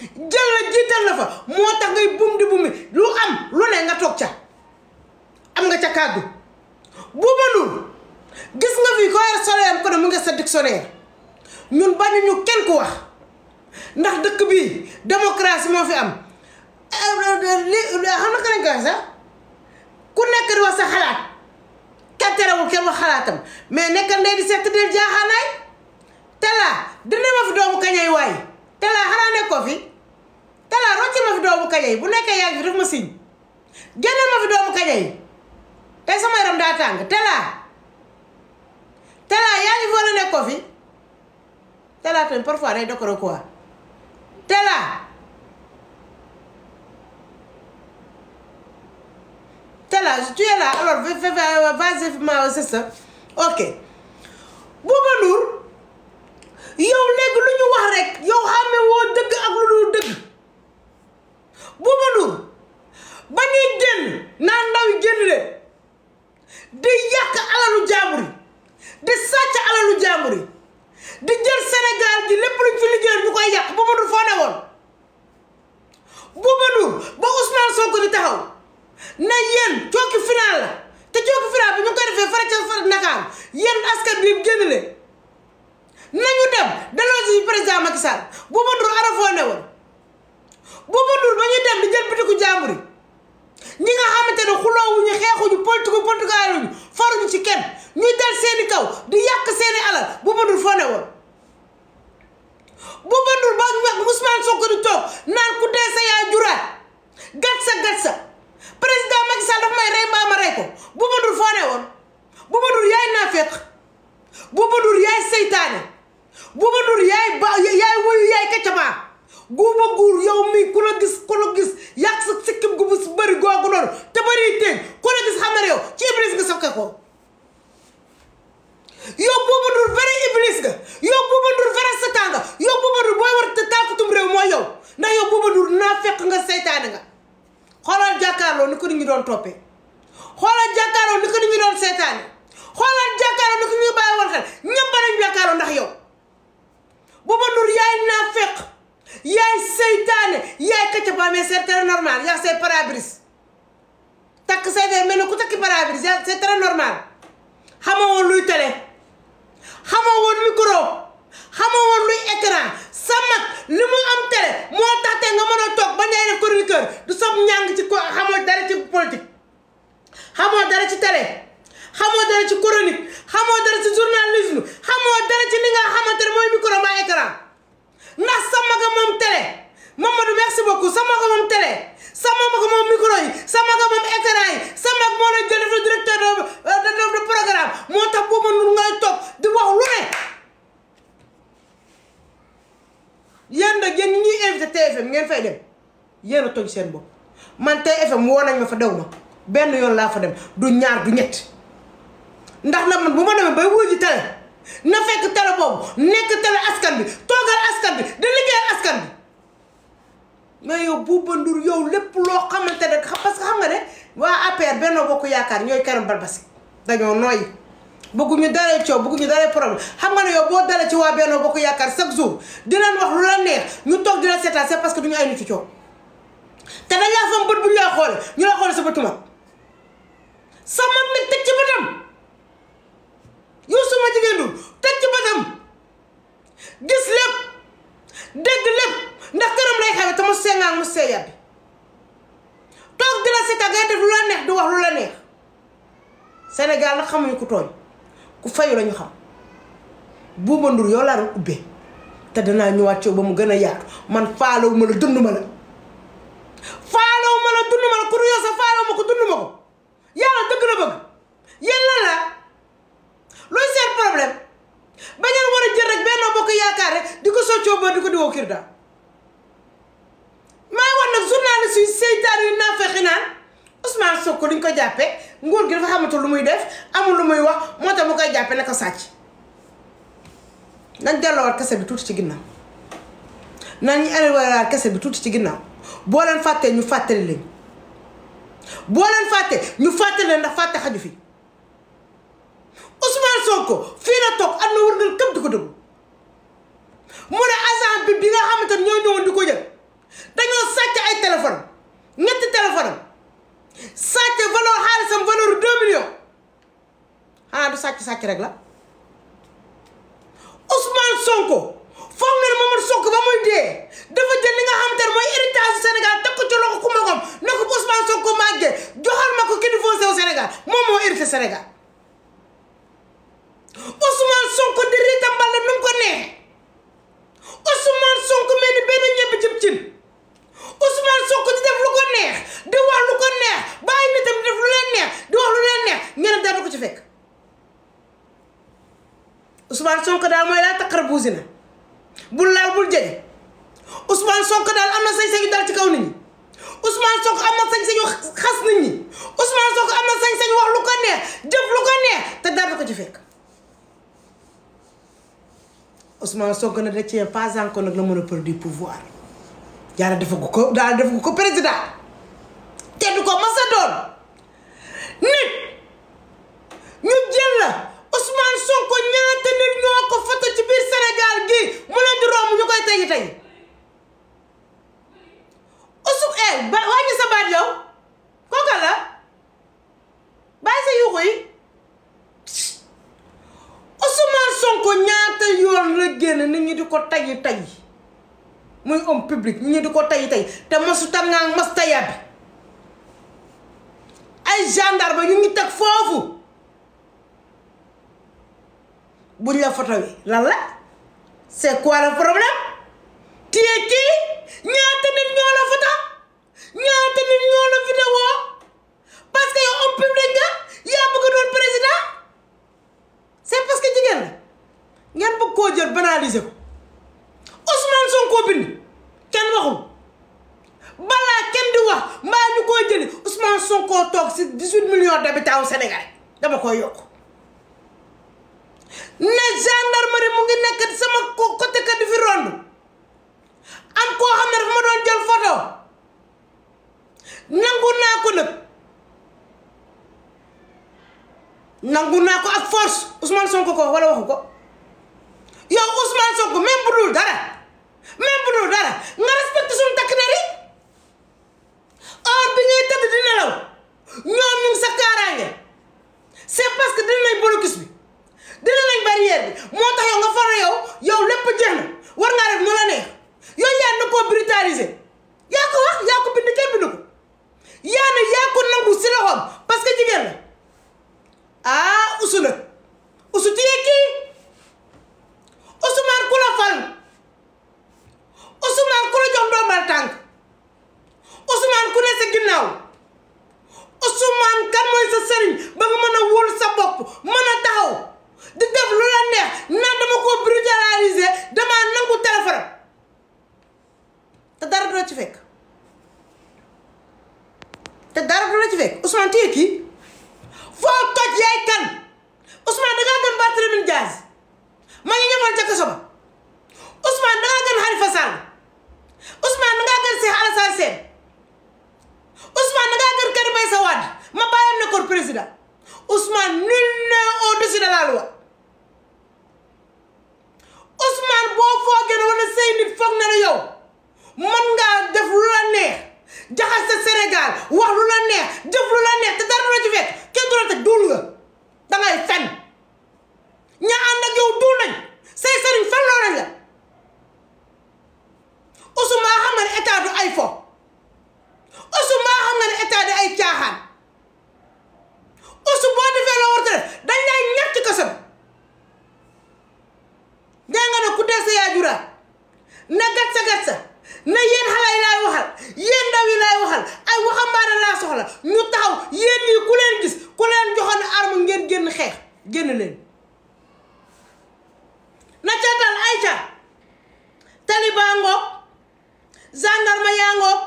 jël la jiital la fa moo tax ngay bum di bumi lu am lu ne nga toog ca am nga ca kàddu bu mënul gis nga fi ko yor solaire ko ne mu nga sa dictionnaire ñun bañu ñu kenn ku wax ndax dëkk bii démocratie moo fi am eh, eh, li xam na ka ko ku nekk di wax sa xalaat te terewul kenn wax xalaatam mais nekk ndey di seet del jaaxaanaay te laa dina ma fi doomu kañay waay Talla xanaa nekkoo fi Talla rocci ma fi doomu kaña yi bu nekkee yaa ngi fi def ma siñ génneel ma fi doomu kaña yi tey sama yaram daa tàng Talla Talla yaa ngi fi nekkoo fi Talla tamit parfois day dokkoro quoi Talla Talla tu es là alors va va va ma sista ok jaambur yi di jël Sénégal gi lépp luñ fi liggéey ñu koy yàq Bouba Ndour foo ne woon Bouba Ndour ba Ousmane Sonko di taxaw na yéen cooki final la te cooki final bi ñu koy defee fara ca fara Ndakaar yéen askan bi génn leen nañu dem delloo ci président Macky Sall Bouba Ndour ara foo ne woon Bouba Ndour ba ñuy dem di jël bitiku jaambur yi ñi nga xamante ne xuloowuñu xeexuñu politiku politiku faruñu ci kenn ñuy dal seeni kaw di yàq seeni alal bu bëndul foo ne woon bu bëndul ba ñu wax Ousmane Sonko toog naan ku dee sa yaa juraat gat président Macky dafa may rey mbaa rey ko bu bëndul foo woon bu bëndul yaay naafeq bu bëndul yaay seytaane bu bëndul yaay ba yaay mais c'est très normal yaa say takk normal xamoo woon luy télé xamoo woon micro xamoo woon luy écran sa mag li mu am télé moo tax te nga mën a ba ñay def chroniqueur du sob ñàng ci ko xamoo dara ci politique xamoo dara ci télé xamoo dara ci chronique xamoo dara ci journalisme xamoo dara ci li nga xamante ne mooy micro mbaa écran ndax sa maga moom télé Mamadou merci beaucoup sama ko moom télé sama ko moom micro yi sama ko moom écran yi sama ko moo programme moo tax boobu nu ngay toog di wax lu ne yéen nag ñi ñuy invité TFM ngeen fay dem yéen a toj seen bopp man TFM woo nañ ma fa dew ma benn yoon laa fa dem du ñaar du ñett ndax nag man bu ma demee bay wuyu ji na fekk télé boobu nekk télé askan bi toogal askan bi di liggéeyal askan bi mais yow Bouba Ndour yow lépp loo xamante ne parce que xam nga ne waa APR Benno Bokk Yaakaar ñooy Karim Balbasi dañoo nooy bëgguñu dalee coow ñu dalee problème xam nga ne yow boo dalee ci waa Benno Bokk Yaakaar chaque jour di leen wax lu la neex ñu toog di la seetaan c'est parce que ay nit coow te dañ laa fam bët bu ñu lay xoole ñu la xoole sa bëtu mag sa mag nag teg ci bëtam yow suma jigéen dul teg ci bëtam gis lépp dégg lépp ndaxte mu sengaak mu seeya bi toog di la ngay def lu la neex di wax lu la neex Sénégal nag xamuñu ku tooñ ku fayu lañu xam Bouba Ndour yow laa doon ubbee te danaa ñëwaat yow ba mu gën a yaatu man faalawu ma la dund ma la faalawu ma la dund ma la ku yow sa faalawu ko dund ma ko yàlla dëgg la bëgg yéen la la looy seen problème ba war a jël rek Benno Bokk Yaakaar rek di ko soccoo ba di ko diwoo kirda jàppee nguur gi dafa xamatul lu muy def amul lu muy wax moo tax mu koy jàppee ne ko sàcc nañ delloowaat kese bi tuuti ci ginnaaw nañ ñu élewaat kese bi tuuti ci ginnaaw boo leen fàttee ñu fàttali leen boo leen ñu fàttali leen fàtte xaju fi Ousmane ko fii la toog am na wër ngal këpp di ko déglu mu ne agent bi bi nga xamante ne ñoo di ko jël dañoo sàcc ay téléphone ñetti téléphone sàcc valeur xaalisam valeur deux millions xanaa du sàcc sàcc rek la Ousmane Sonko foog nga ne Mamadou Sonko ba muy dee dafa jël li nga xam te ne mooy héritage su Sénégal teg ko ci loxo ku magom na ko Ousmane Sonko màggee joxal ma ko ki di fonsew Sénégal moom moo hérité Sénégal Ousmane Sonko di ritambale nu mu ko neexee Ousmane Sonko mel ni benn ñebe jëm cin Ousmane Sonko di def lu ko neex Ousmane Sonko daal mooy laa taqar buusi na bul laal bul jege Ousmane Sonko daal am na sañ-sañu dal ci kaw ni ñi Ousmane Sonko am na sañ-sañu xas nit ñi Ousmane wax lu ko neex jëf lu ko neex te dara ko ci fekk Ousmane Sonko nag da cee pas encore nag la mën a perdre du pouvoir yàlla dafa ko ko daal dafa ko ko président te du ko mas a nit ñu koy tey tey usub ee eh, ba sa baat yow kooka la bàyyi sa yuuxu yi Ousmane Sonko ñaata yoon la génn nit ñi di ko tey tey muy homme public nit ñi di ko tey tey te masu tangaang mas tayab ay gendarme ñu ngi teg foofu buñ la foto wi lan la C'est quoi le problème Tu nekk sama côté kat di fi am koo xam ne dafa ma doon jël photo nangu naa ko nag nangu naa ko ak force Ousmane Sonko ko wala waxu ko yow Ousmane Sonko même bu dul dara foo toj yaay kan Ousmane dangaa gën Barthélémy Dias ma ñu ñëwoon ca kaso ba Ousmane dangaa gën Khalifa Sall Ousmane dangaa gën Cheikh Alassane Sène Ousmane dangaa gën Karim Meïssa Wade ma bàyyam nekkoon président Ousmane nul n'est au-dessus de la loi Ousmane boo foogee ne wala say nit foog na yow ne yéen xale yi laay waxal yéen ndaw yi laay waxal ay waxambaane laa soxla ñu taxaw yéen ñii ku leen gis ku leen joxoon arme ngeen génn xeex génn leen na ca dal ay ca taliban ngoog gendarme yaa ngoog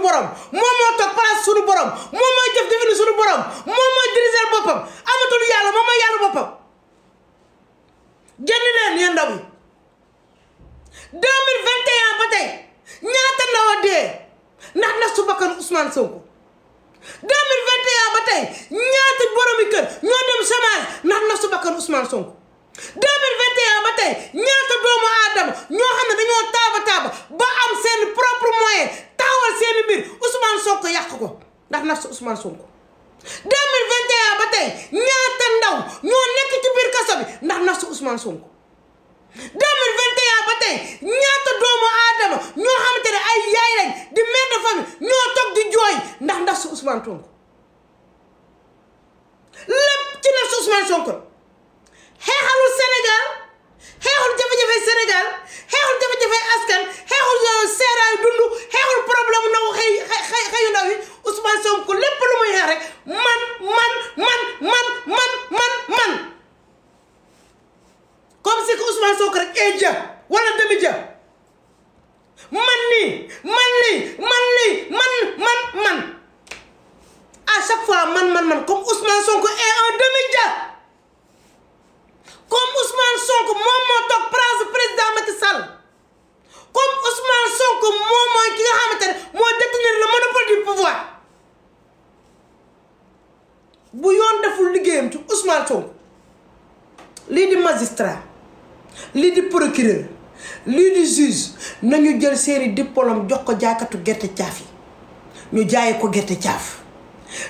suñu borom moom moo toog place borom moom mooy boppam amatul yàlla moom mooy yàlla boppam génn leen yéen ndaw yi 2021 ba tey ñaata ndaw dee ndax na su bakkan Ousmane Sonko 2021 ba tey ñaata boromi doomu aadama ñoo xam ne dañoo taaba taaba ba am seen propre moyen taxawal seeni mbir Ousmane Sonko yàq ko ndax naf si Ousmane Sonko 2021 ba tey ñaata ndaw ñoo nekk ci biir kaso bi ndax naf si Ousmane Sonko 2021 ba tey ñaata doomu aadama ñoo xamante ne ay yaay lañ di mère de famille ñoo toog di jooy ndax naf si Ousmane Sonko lépp ci naf si Ousmane Sonko xeexalul Sénégal xeexul jafe-jafe Sénégal xeexul jafe-jafe askan xeexul euh, seeraayu dund xeexul problème na xëy xëy xëyu ndaw yi Ousmane Sonko lépp lu muy xeex rek man man man man man man man comme si que Ousmane Sonko rek ee jë wala demi jë man nii man nii man nii man man man à chaque fois man man man comme Ousmane Sonko est un demi jë comme Ousmane Sonko moom moo toog place président Macky Sall comme Ousmane Sonko moom mooy ki nga xamante ne moo détenir le monopole du pouvoir bu yoon deful liggéeyam ci Ousmane Sonko lii di magistrat lii di procureur lii di juge nañu jël seeni diplôme jox ko jàkkatu gerte caaf yi ñu jaaye ko gerte caaf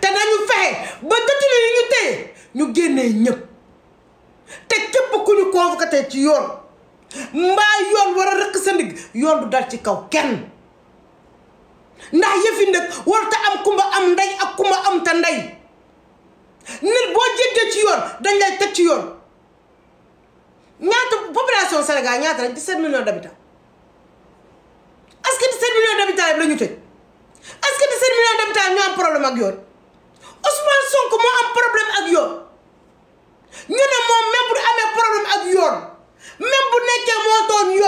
te nañu fexe ba détenu yi ñu téye ñu génnee ñëpp. convoqué ci yoon mbaa yoon war a rëkk sa ndigg yoon du dal ci kaw kenn ndax yëfi nag warta am kumba am ndey ak kumba am ta ndey nit boo jéggee ci yoon dañ lay teg ci yoon ñaata population Sénégal ñaata rek 17 millions d'habitants est-ce que 17 millions d'habitants yëpp la ñu tëj est am problème ak yoon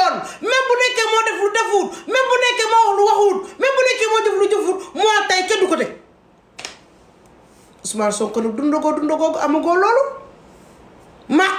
yoon même bu nekkee moo def lu defuut même bu nekkee moo lu waxuut même bu nekkee moo def lu jëfuut moo tay kenn du ko teg Ousmane Sonko nag dundagoo dundagoo amagoo loolu maa